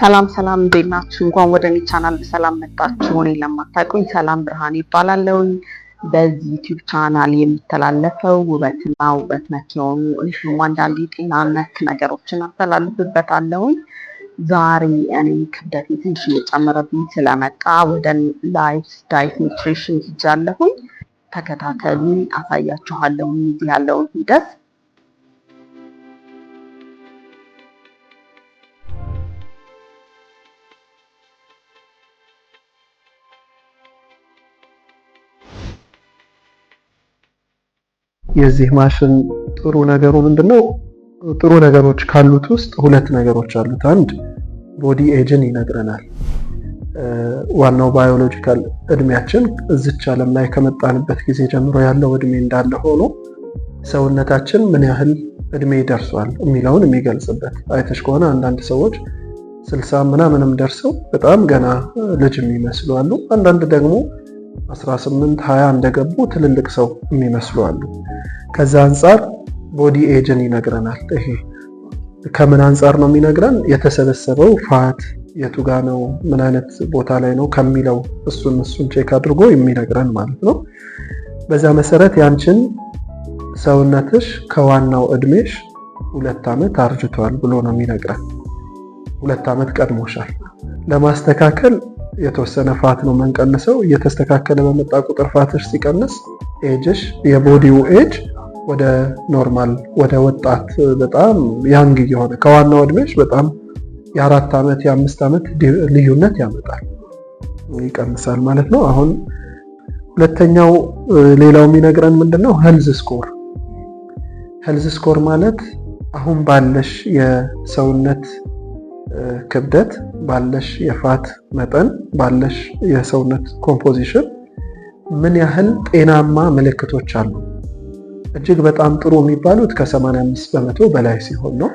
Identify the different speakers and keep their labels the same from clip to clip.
Speaker 1: ሰላም ሰላም እንዴት ናችሁ? እንኳን ወደ እኔ ቻናል በሰላም መጣችሁ። እኔ ለማታውቁኝ ሰላም ብርሃን ይባላለሁ። በዚህ ዩቲዩብ ቻናል የሚተላለፈው ውበትና ውበት ነክ የሆኑ እንዲሁም አንዳንድ የጤና ነክ ነገሮችን አስተላልፍበታለሁኝ። ዛሬ እኔ ክብደት ትንሽ እየጨመረብኝ ስለመጣ ወደ ላይፍ ዳይት ኒውትሪሽን ይጃለሁኝ። ተከታተሉኝ፣ አሳያችኋለሁኝ ያለውን ሂደት
Speaker 2: የዚህ ማሽን ጥሩ ነገሩ ምንድነው? ጥሩ ነገሮች ካሉት ውስጥ ሁለት ነገሮች አሉት። አንድ ቦዲ ኤጅን ይነግረናል። ዋናው ባዮሎጂካል እድሜያችን እዚች ዓለም ላይ ከመጣንበት ጊዜ ጀምሮ ያለው እድሜ እንዳለ ሆኖ ሰውነታችን ምን ያህል እድሜ ደርሷል የሚለውን የሚገልጽበት። አይተሽ ከሆነ አንዳንድ ሰዎች ስልሳ ምናምንም ደርሰው በጣም ገና ልጅ የሚመስሉ አሉ። አንዳንድ ደግሞ 18 20 እንደገቡ ትልልቅ ሰው የሚመስሉ አሉ። ከዛ አንጻር ቦዲ ኤጅን ይነግረናል። ይሄ ከምን አንጻር ነው የሚነግረን? የተሰበሰበው ፋት የቱ ጋ ነው፣ ምን አይነት ቦታ ላይ ነው ከሚለው እሱን እሱን ቼክ አድርጎ የሚነግረን ማለት ነው። በዛ መሰረት ያንችን ሰውነትሽ ከዋናው እድሜሽ ሁለት ዓመት አርጅቷል ብሎ ነው የሚነግረን። ሁለት ዓመት ቀድሞሻል ለማስተካከል የተወሰነ ፋት ነው የምንቀንሰው። እየተስተካከለ በመጣ ቁጥር ፋትሽ ሲቀንስ ኤጅሽ የቦዲው ኤጅ ወደ ኖርማል ወደ ወጣት በጣም ያንግ የሆነ ከዋናው እድሜሽ በጣም የአራት ዓመት የአምስት ዓመት ልዩነት ያመጣል ይቀንሳል ማለት ነው። አሁን ሁለተኛው ሌላው የሚነግረን ምንድነው ሄልዝ ስኮር። ሄልዝ ስኮር ማለት አሁን ባለሽ የሰውነት ክብደት ባለሽ የፋት መጠን ባለሽ የሰውነት ኮምፖዚሽን ምን ያህል ጤናማ ምልክቶች አሉ? እጅግ በጣም ጥሩ የሚባሉት ከ85 በመቶ በላይ ሲሆን ነው።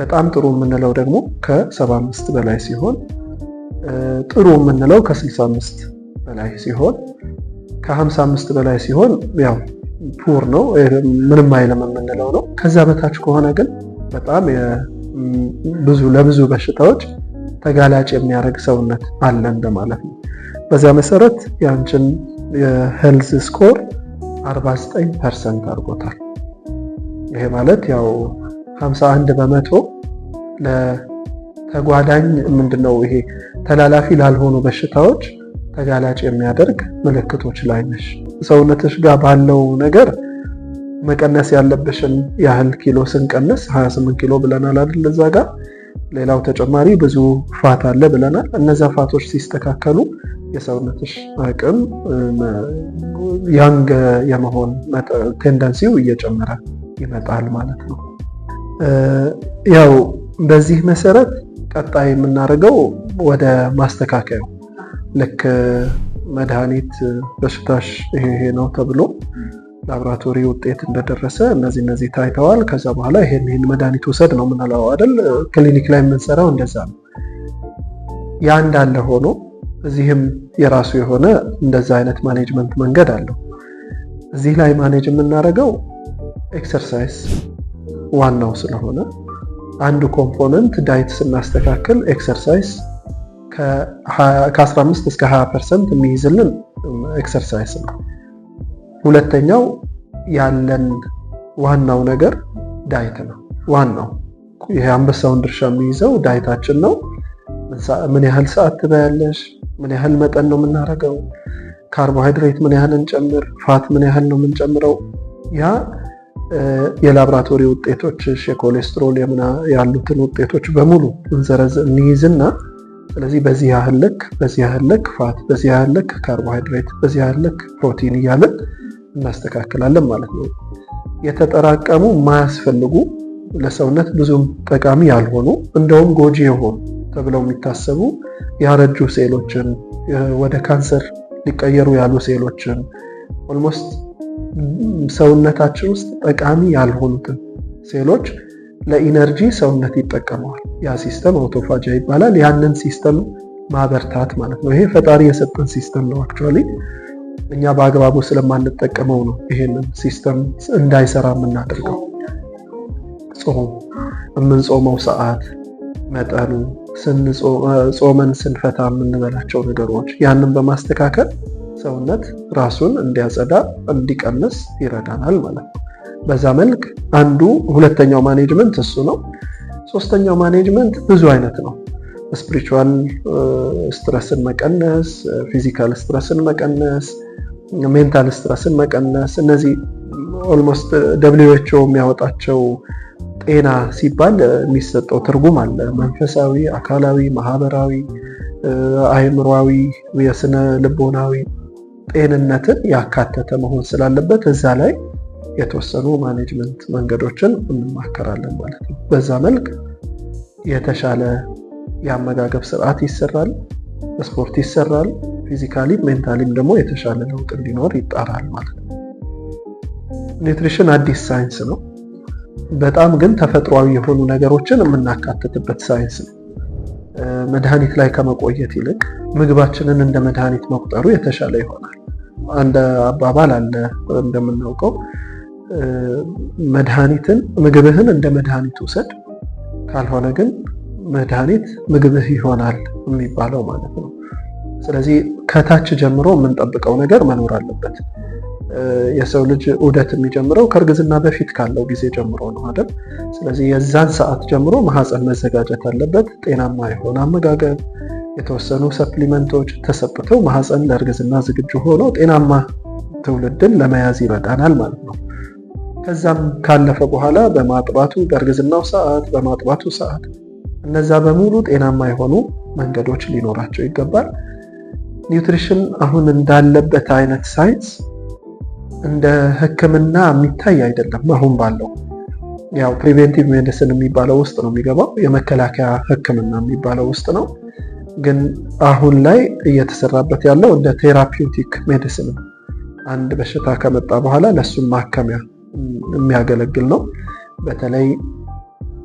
Speaker 2: በጣም ጥሩ የምንለው ደግሞ ከ75 በላይ ሲሆን፣ ጥሩ የምንለው ከ65 በላይ ሲሆን፣ ከ55 በላይ ሲሆን ያው ፑር ነው ምንም አይልም የምንለው ነው። ከዛ በታች ከሆነ ግን በጣም ብዙ ለብዙ በሽታዎች ተጋላጭ የሚያደርግ ሰውነት አለ እንደማለት ነው። በዚያ መሰረት የአንችን የሄልዝ ስኮር 49 ፐርሰንት አድርጎታል። ይሄ ማለት ያው 51 በመቶ ለተጓዳኝ ምንድነው ይሄ ተላላፊ ላልሆኑ በሽታዎች ተጋላጭ የሚያደርግ ምልክቶች ላይ ነሽ። ሰውነትሽ ጋር ባለው ነገር መቀነስ ያለብሽን ያህል ኪሎ ስንቀንስ 28 ኪሎ ብለናል አይደል? እዛ ጋር ሌላው ተጨማሪ ብዙ ፋት አለ ብለናል። እነዛ ፋቶች ሲስተካከሉ የሰውነትሽ አቅም ያንግ የመሆን ቴንደንሲው እየጨመረ ይመጣል ማለት ነው። ያው በዚህ መሰረት ቀጣይ የምናደርገው ወደ ማስተካከያው ልክ መድኃኒት በሽታሽ ይሄ ነው ተብሎ ላብራቶሪ ውጤት እንደደረሰ እነዚህ እነዚህ ታይተዋል። ከዛ በኋላ ይሄን ይህን መድኃኒት ውሰድ ነው የምንለው አይደል? ክሊኒክ ላይ የምንሰራው እንደዛ ነው። ያ እንዳለ ሆኖ እዚህም የራሱ የሆነ እንደዛ አይነት ማኔጅመንት መንገድ አለው። እዚህ ላይ ማኔጅ የምናደርገው ኤክሰርሳይዝ ዋናው ስለሆነ አንዱ ኮምፖነንት ዳይት ስናስተካክል ኤክሰርሳይዝ ከ15 እስከ 20 ፐርሰንት የሚይዝልን ኤክሰርሳይዝ ነው። ሁለተኛው ያለን ዋናው ነገር ዳይት ነው። ዋናው ይሄ አንበሳውን ድርሻ የሚይዘው ዳይታችን ነው። ምን ያህል ሰዓት ትበያለሽ? ምን ያህል መጠን ነው የምናደርገው? ካርቦሃይድሬት ምን ያህል እንጨምር? ፋት ምን ያህል ነው የምንጨምረው? ያ የላብራቶሪ ውጤቶችሽ የኮሌስትሮል ያሉትን ውጤቶች በሙሉ እንዘረዝ እንይዝና ስለዚህ በዚህ ያህል ልክ በዚህ ያህል ልክ ፋት፣ በዚህ ያህል ልክ ካርቦሃይድሬት፣ በዚህ ያህል ልክ ፕሮቲን እያለን እናስተካክላለን ማለት ነው። የተጠራቀሙ ማያስፈልጉ ለሰውነት ብዙም ጠቃሚ ያልሆኑ እንደውም ጎጂ የሆኑ ተብለው የሚታሰቡ ያረጁ ሴሎችን ወደ ካንሰር ሊቀየሩ ያሉ ሴሎችን ኦልሞስት ሰውነታችን ውስጥ ጠቃሚ ያልሆኑትን ሴሎች ለኢነርጂ ሰውነት ይጠቀመዋል። ያ ሲስተም አውቶፋጃ ይባላል። ያንን ሲስተም ማበርታት ማለት ነው። ይሄ ፈጣሪ የሰጠን ሲስተም ነው አክቹዋሊ እኛ በአግባቡ ስለማንጠቀመው ነው ይሄንን ሲስተም እንዳይሰራ የምናደርገው። ጾም የምንጾመው ሰዓት፣ መጠኑ፣ ጾመን ስንፈታ የምንበላቸው ነገሮች ያንን በማስተካከል ሰውነት ራሱን እንዲያጸዳ እንዲቀንስ ይረዳናል ማለት ነው። በዛ መልክ አንዱ ሁለተኛው ማኔጅመንት እሱ ነው። ሶስተኛው ማኔጅመንት ብዙ አይነት ነው። ስፕሪቹዋል ስትረስን መቀነስ፣ ፊዚካል ስትረስን መቀነስ፣ ሜንታል ስትረስን መቀነስ እነዚህ ኦልሞስት ደብሊው ኤች ኦ የሚያወጣቸው ጤና ሲባል የሚሰጠው ትርጉም አለ። መንፈሳዊ፣ አካላዊ፣ ማህበራዊ፣ አእምሯዊ፣ የስነ ልቦናዊ ጤንነትን ያካተተ መሆን ስላለበት እዛ ላይ የተወሰኑ ማኔጅመንት መንገዶችን እንማከራለን ማለት ነው። በዛ መልክ የተሻለ የአመጋገብ ስርዓት ይሰራል፣ ስፖርት ይሰራል። ፊዚካሊ ሜንታሊም ደግሞ የተሻለ ለውጥ እንዲኖር ይጣራል ማለት ነው። ኒውትሪሽን አዲስ ሳይንስ ነው። በጣም ግን ተፈጥሯዊ የሆኑ ነገሮችን የምናካትትበት ሳይንስ ነው። መድኃኒት ላይ ከመቆየት ይልቅ ምግባችንን እንደ መድኃኒት መቁጠሩ የተሻለ ይሆናል። አንድ አባባል አለ እንደምናውቀው፣ መድኃኒትን ምግብህን እንደ መድኃኒት ውሰድ፣ ካልሆነ ግን መድኃኒት ምግብህ ይሆናል የሚባለው ማለት ነው። ስለዚህ ከታች ጀምሮ የምንጠብቀው ነገር መኖር አለበት። የሰው ልጅ ዑደት የሚጀምረው ከእርግዝና በፊት ካለው ጊዜ ጀምሮ ነው አይደል? ስለዚህ የዛን ሰዓት ጀምሮ ማህፀን መዘጋጀት አለበት። ጤናማ የሆነ አመጋገብ፣ የተወሰኑ ሰፕሊመንቶች ተሰጥተው ማህፀን ለእርግዝና ዝግጁ ሆኖ ጤናማ ትውልድን ለመያዝ ይረዳናል ማለት ነው። ከዛም ካለፈ በኋላ በማጥባቱ በእርግዝናው ሰዓት በማጥባቱ ሰዓት እነዛ በሙሉ ጤናማ የሆኑ መንገዶች ሊኖራቸው ይገባል። ኒውትሪሽን አሁን እንዳለበት አይነት ሳይንስ እንደ ሕክምና የሚታይ አይደለም። አሁን ባለው ያው ፕሪቬንቲቭ ሜዲሲን የሚባለው ውስጥ ነው የሚገባው፣ የመከላከያ ሕክምና የሚባለው ውስጥ ነው። ግን አሁን ላይ እየተሰራበት ያለው እንደ ቴራፒውቲክ ሜዲሲን አንድ በሽታ ከመጣ በኋላ ለእሱም ማከሚያ የሚያገለግል ነው። በተለይ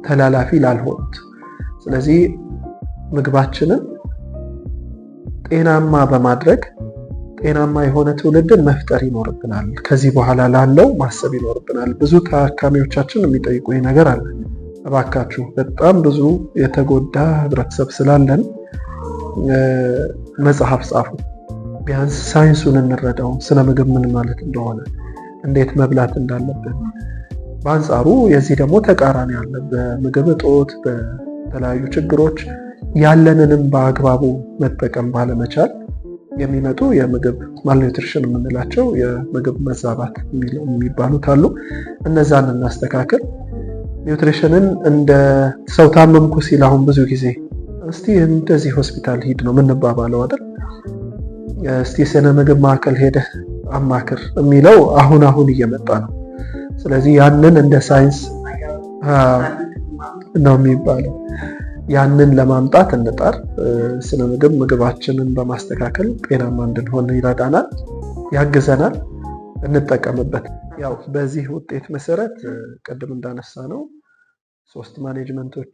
Speaker 2: ተላላፊ ላልሆኑት ስለዚህ ምግባችንን ጤናማ በማድረግ ጤናማ የሆነ ትውልድን መፍጠር ይኖርብናል። ከዚህ በኋላ ላለው ማሰብ ይኖርብናል። ብዙ ታካሚዎቻችን የሚጠይቁ ነገር አለ። እባካችሁ በጣም ብዙ የተጎዳ ህብረተሰብ ስላለን መጽሐፍ ጻፉ፣ ቢያንስ ሳይንሱን እንረዳው፣ ስነ ምግብ ምን ማለት እንደሆነ፣ እንዴት መብላት እንዳለብን። በአንጻሩ የዚህ ደግሞ ተቃራኒ አለ። በምግብ እጦት የተለያዩ ችግሮች ያለንንም በአግባቡ መጠቀም ባለመቻል የሚመጡ የምግብ ማልኒትሪሽን የምንላቸው የምግብ መዛባት የሚባሉት አሉ። እነዛን እናስተካክል። ኒውትሪሽንን እንደ ሰው ታመምኩ ሲል አሁን ብዙ ጊዜ እስቲ እንደዚህ ሆስፒታል ሂድ ነው የምንባባለው አይደል? እስቲ ስነ ምግብ ማዕከል ሄደህ አማክር የሚለው አሁን አሁን እየመጣ ነው። ስለዚህ ያንን እንደ ሳይንስ ነው የሚባለው። ያንን ለማምጣት እንጠር። ስነ ምግብ ምግባችንን በማስተካከል ጤናማ እንድንሆን ይረዳናል፣ ያግዘናል። እንጠቀምበት። ያው በዚህ ውጤት መሰረት ቅድም እንዳነሳ ነው ሶስት ማኔጅመንቶች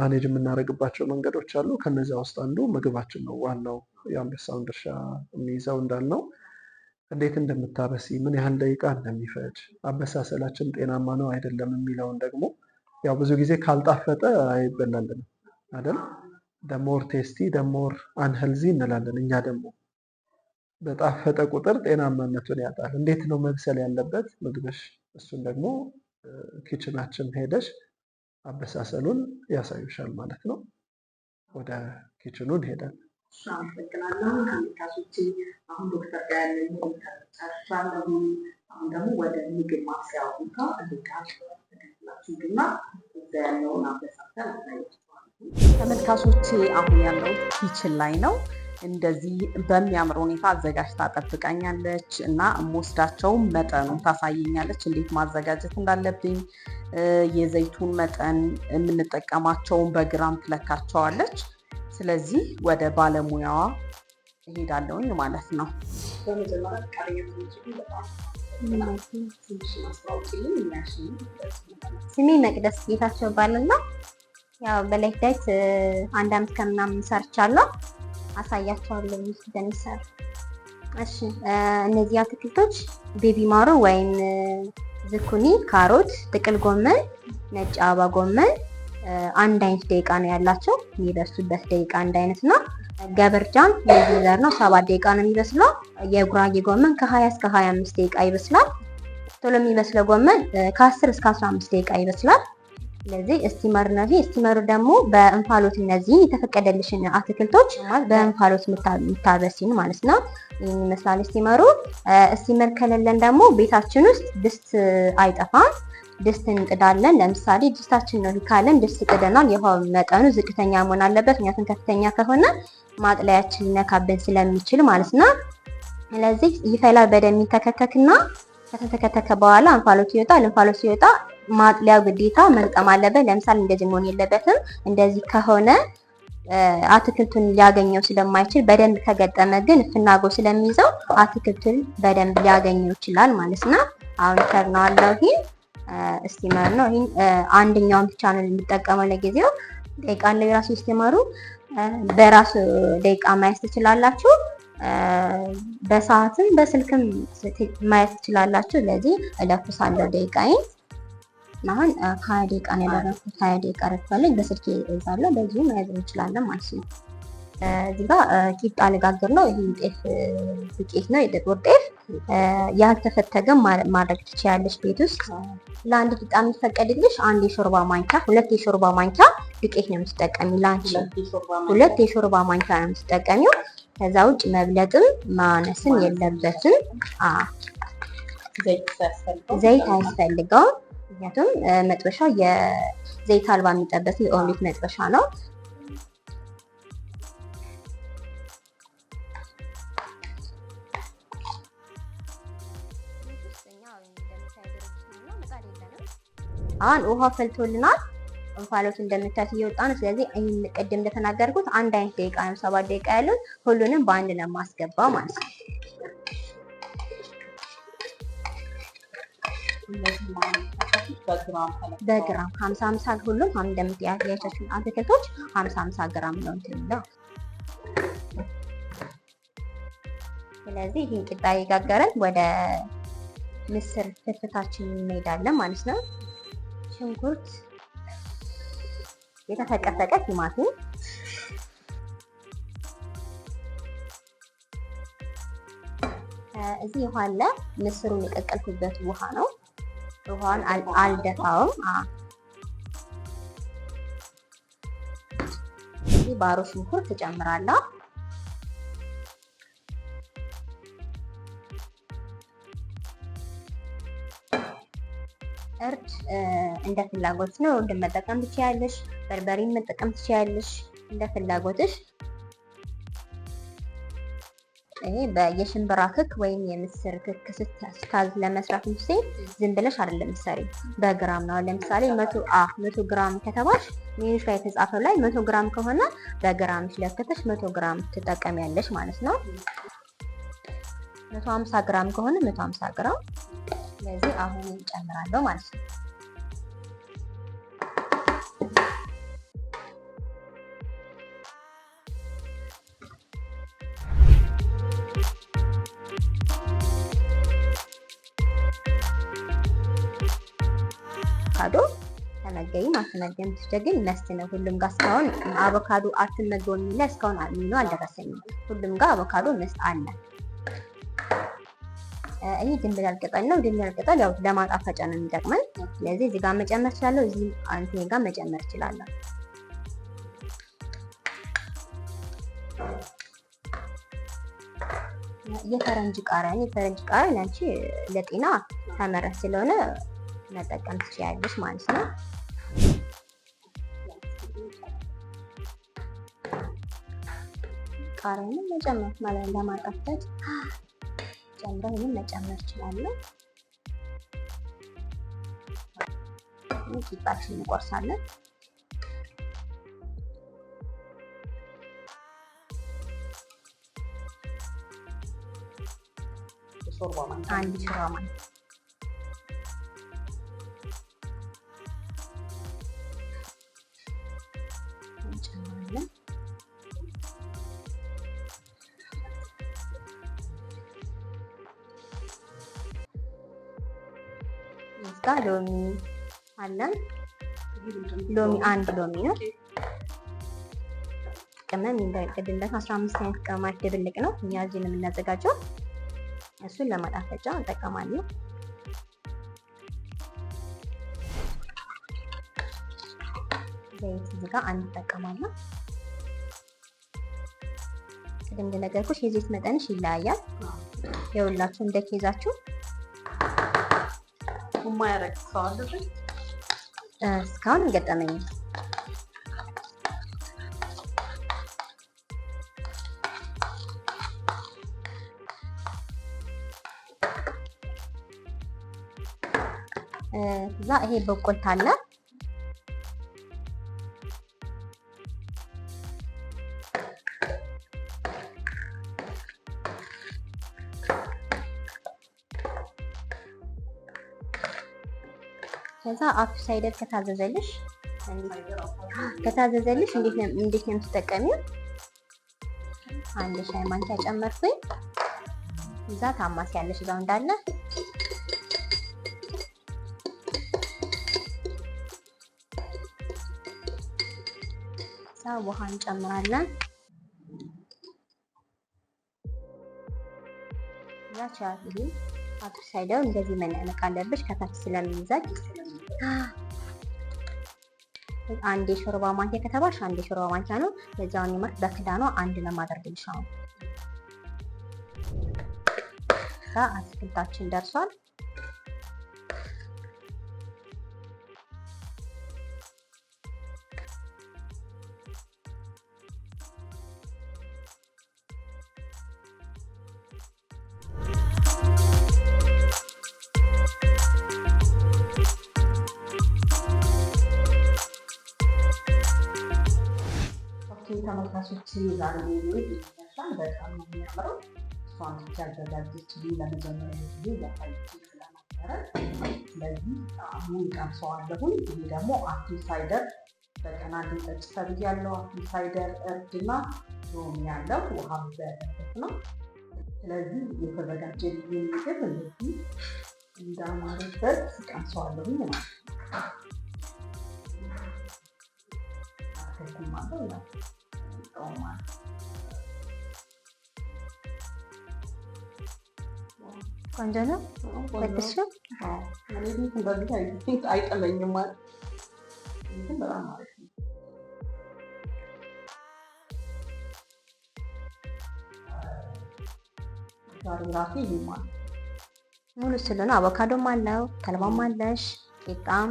Speaker 2: ማኔጅ የምናደርግባቸው መንገዶች አሉ። ከነዚያ ውስጥ አንዱ ምግባችን ነው። ዋናው የአንበሳውን ድርሻ የሚይዘው እንዳልነው እንዴት እንደምታበሲ ምን ያህል ደቂቃ እንደሚፈጅ አበሳሰላችን ጤናማ ነው አይደለም የሚለውን ደግሞ ያው ብዙ ጊዜ ካልጣፈጠ አይበላልንም አይደል? ደሞር ቴስቲ ደሞር አንህልዚ እንላለን። እኛ ደግሞ በጣፈጠ ቁጥር ጤናማነቱን ያጣል። እንዴት ነው መብሰል ያለበት ምግብሽ? እሱን ደግሞ ኪችናችን ሄደሽ አበሳሰሉን ያሳዩሻል ማለት ነው። ወደ ኪችኑ እንሄዳለን። አሁን ዶክተር ጋር አሁን ደግሞ ወደ
Speaker 1: ምግብ ማብሰያ ቦታ ሂድና ያለውን አበሳተን አሁን ያለው ኪችን ላይ ነው። እንደዚህ በሚያምር ሁኔታ አዘጋጅታ ጠብቃኛለች እና የምወስዳቸውን መጠኑ ታሳየኛለች፣ እንዴት ማዘጋጀት እንዳለብኝ። የዘይቱን መጠን የምንጠቀማቸውን በግራም ትለካቸዋለች። ስለዚህ ወደ ባለሙያዋ እሄዳለሁኝ ማለት ነው። በመጀመሪያ
Speaker 2: ስሜ መቅደስ ጌታቸው ይባላል። ያው በላይፍ ዳይት አንድ አመት ከምናምን ሰርቻለሁ። አሳያቸዋለሁ እንደሚሰራ። እሺ፣ እነዚህ አትክልቶች ቤቢ ማሮ ወይም ዝኩኒ፣ ካሮት፣ ጥቅል ጎመን፣ ነጭ አበባ ጎመን አንድ አይነት ደቂቃ ነው ያላቸው። የሚደርሱበት ደቂቃ አንድ አይነት ነው። ገበርጃም የዚህ ነው። ሰባት ደቂቃ ነው የሚበስለው። የጉራጌ ጎመን ከ20 እስከ 25 ደቂቃ ይበስላል። ቶሎ የሚበስለው ጎመን ከ10 እስከ 15 ደቂቃ ይበስላል። ስለዚህ እስቲመር ነፊ እስቲመሩ ደግሞ በእንፋሎት እነዚህን የተፈቀደልሽን አትክልቶች በእንፋሎት የምታበሲን ማለት ነው። ይህን ይመስላል እስቲመሩ። እስቲመር ከሌለን ደግሞ ቤታችን ውስጥ ድስት አይጠፋም። ድስት እንጥዳለን። ለምሳሌ ድስታችን ነው ካለን ድስት ቅደናል። የውሃ መጠኑ ዝቅተኛ መሆን አለበት፣ ምክንያቱም ከፍተኛ ከሆነ ማጥለያችን ሊነካብን ስለሚችል ማለት ነው። ስለዚህ ይፈላል በደንብ የሚተከተክና ከተተከተከ በኋላ እንፋሎት ይወጣል። እንፋሎት ሲወጣ ማጥለያው ግዴታ መግጠም አለበት። ለምሳሌ እንደዚህ መሆን የለበትም። እንደዚህ ከሆነ አትክልቱን ሊያገኘው ስለማይችል በደንብ ከገጠመ ግን ፍናጎ ስለሚይዘው አትክልቱን በደንብ ሊያገኘው ይችላል ማለት ነው። አሁን ተርነዋለሁ። ይህን እስቲመር ነው። ይህን አንደኛውን ብቻ ነው የሚጠቀመው ለጊዜው። ጠይቃለሁ የራሱ እስቲመሩ በራስ ደቂቃ ማየት ትችላላችሁ። በሰዓትም በስልክም ማየት ትችላላችሁ። ለዚህ እለኩሳለሁ ደቂቃዬን። አሁን ከሀያ ደቂቃ ነው ያደረኩት። ሀያ ደቂቃ ረድፋለኝ በስልክ ይዛለሁ። በዚሁ መያዝ እንችላለን ማለት ነው። እዚህ ጋር ቂጣ ልጋግር ነው። ይህ ጤፍ ዱቄት ነው፣ የጥቁር ጤፍ ያልተፈተገም ማድረግ ትችያለሽ ቤት ውስጥ። ለአንድ ቂጣ የሚፈቀድልሽ አንድ የሾርባ ማንኪያ፣ ሁለት የሾርባ ማንኪያ ዱቄት ነው የምትጠቀሚ። ላንቺ ሁለት የሾርባ ማንኪያ ነው የምትጠቀሚው። ከዛ ውጭ መብለጥም ማነስም የለበትም። ዘይት አያስፈልገውም፣ ምክንያቱም መጥበሻው የዘይት አልባ የሚጠበስ የኦምሌት መጥበሻ ነው። አሁን ውሃ ፈልቶልናል። እንፋሎቱ እንደምታዩት እየወጣ ነው። ስለዚህ ቅድም እንደተናገርኩት አንድ አይነት ደቂቃ ነው ሰባት ደቂቃ ያሉት ሁሉንም በአንድ ነው የማስገባው ማለት ነው። በግራም ሀምሳ ሀምሳ ሁሉም እንደምትያቸችን አትክልቶች ሀምሳ ሀምሳ ግራም ነው ትለው። ስለዚህ ይህን ቂጣ እየጋገርን ወደ ምስር ፍትፍታችን እንሄዳለን ማለት ነው። ሽንኩርት፣ የተፈቀፈቀ ቲማቲም፣ እዚህ ውሃ አለ። ምስሩን የቀቀልኩበት ውሃ ነው። ውሃን አልደፋውም። እዚህ ባሮ ሽንኩርት ትጨምራለሁ። እንደ ፍላጎት ነው። እርድን መጠቀም ትችያለሽ። በርበሬን መጠቀም ትችያለሽ እንደ ፍላጎትሽ። ይሄ የሽምብራ ክክ ወይም የምስር ክክ ስታዝ ለመስራት ምስ ዝም ብለሽ አይደለም ምሳሌ በግራም ነው። ለምሳሌ መቶ አ መቶ ግራም ከተባሽ ሚኒሽ ላይ የተጻፈው ላይ መቶ ግራም ከሆነ በግራም ለክተሽ መቶ ግራም ትጠቀሚያለሽ ማለት ነው። መቶ ሀምሳ ግራም ከሆነ መቶ ሀምሳ ግራም ስለዚህ አሁን ጨምራለሁ ማለት ነው። አቮካዶ ተመገቢ ማትመገብ ትችግል መስት ነው። ሁሉም ጋር እስካሁን አቮካዶ አትመገቡ የሚለ እስካሁን ሚኖ አልደረሰኝም። ሁሉም ጋር አቮካዶ መስት አለ። ይህ ድንብላል ቅጠል ነው። ድንብላል ቅጠል ያው ለማጣፈጫ ነው የሚጠቅመን። ስለዚህ እዚህ ጋር መጨመር እችላለሁ። እዚህ አንቲ ጋር መጨመር እችላለሁ። የፈረንጅ ቃሪያ የፈረንጅ ቃሪያ ለአንቺ ለጤና ተመራጭ ስለሆነ መጠቀም ትችያለሽ ማለት ነው። ቃሪያንም መጨመር ማለት ለማጣፈጥ ጨምረን ይህን መጨመር ይችላለን። ቂጣችን እንቆርሳለን። አንድ ሾርባ ማለት እዛ ሎሚ አለን። ሎሚ አንድ ሎሚ ነው። ቅመም እንዳይቀድለት አስራ አምስት አይነት ቅመማት ድብልቅ ነው እኛ እዚህ ነው የምናዘጋጀው። እሱን ለማጣፈጫ እንጠቀማለን። ዘይት እዚህ አንድ እንጠቀማለን። ቅድም እንደነገርኩሽ የዘይት መጠንሽ ይለያያል። የሁላችሁ እንደ ኬዛችሁ የማያደርግ ሰው አለ? እስካሁን አልገጠመኝም። እዛ ይሄ በቆልታ አለ አፕ ሳይደር ከታዘዘልሽ ከታዘዘልሽ እንዴት ነው እንዴት ነው የምትጠቀሚው? አንድ ሻይ ማንኪያ ጨመርኩኝ። እዛ ታማስ ያለሽ እዛው እንዳለ እዛ ውሃ እንጨምራለን። እዛ ቻት አፕ ሳይደር እንደዚህ መነቅ አለብሽ ከታች ስለሚይዛች አንድ የሾርባ ማንኪያ ከተባሽ አንድ የሾርባ ማንኪያ ነው። ለዛውን ይመርጥ በክዳኗ አንድ ለማድረግ የማደርግልሽ። አሁን አትክልታችን ደርሷል። ተመልካቾች ዛሬ ይመስላል። በጣም የሚያምረው እሷን ብቻ ያዘጋጀች ለመጀመሪያ ጊዜ እያሳየች ስለነበረ ስለዚህ አሁን ቀምሰዋለሁኝ። ይህ ደግሞ አፕል ሳይደር በቀን አንድ ጠጭ ተብያለሁ። አፕል ሳይደር እርድና ሮም ያለው ውሃ በተፈት ነው። ስለዚህ የተዘጋጀ ጊዜ ምግብ እንደዚህ እንዳማረበት ቀምሰዋለሁኝ ማለት ነው። 可以吗？对吧？toma. ቆንጆ አይጠለኝም ነው። አቮካዶም አለው፣ ተልባም አለሽ፣ ቂጣም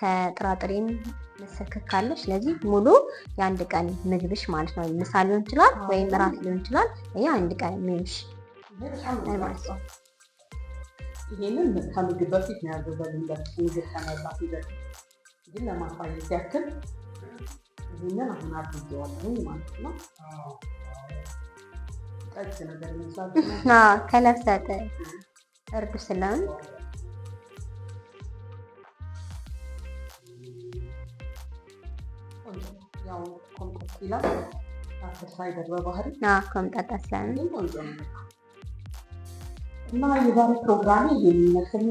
Speaker 2: ከጥራጥሬም ምስክክ ካለው ስለዚህ ሙሉ የአንድ ቀን ምግብሽ ማለት ነው። ምሳ ሊሆን ይችላል ወይም እራት ሊሆን ይችላል። ይሄ አንድ ቀን ሚልሽ ማለት ይሄንን ከምግብ በፊት ነው ያዘዘልንበት ምግብ ከመጣት በፊት ግን ለማሳየት ያክል ይህንን አሁን አድርጌዋለሁ ማለት ነው። ጠጅ ነገር ይመስላል ከለሰጠ እርዱ ስለን ያው እና የዛሬ ፕሮግራም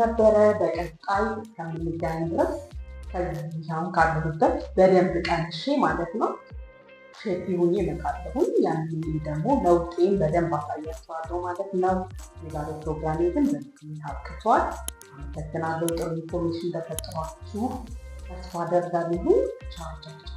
Speaker 2: ነበረ። በቀጣይ እስከምንገናኝ ድረስ ካለሁበት በደንብ ቀንሼ ማለት ነው ሼፕ ሆኜ እመጣለሁኝ። ያንን ደግሞ በደንብ አሳያቸዋለሁ ማለት ነው። የዛሬ ፕሮግራሜ ግን አመሰግናለሁ። ጥሩ ኢንፎርሜሽን ተስፋ አደርጋለሁ። ቻው ቻው።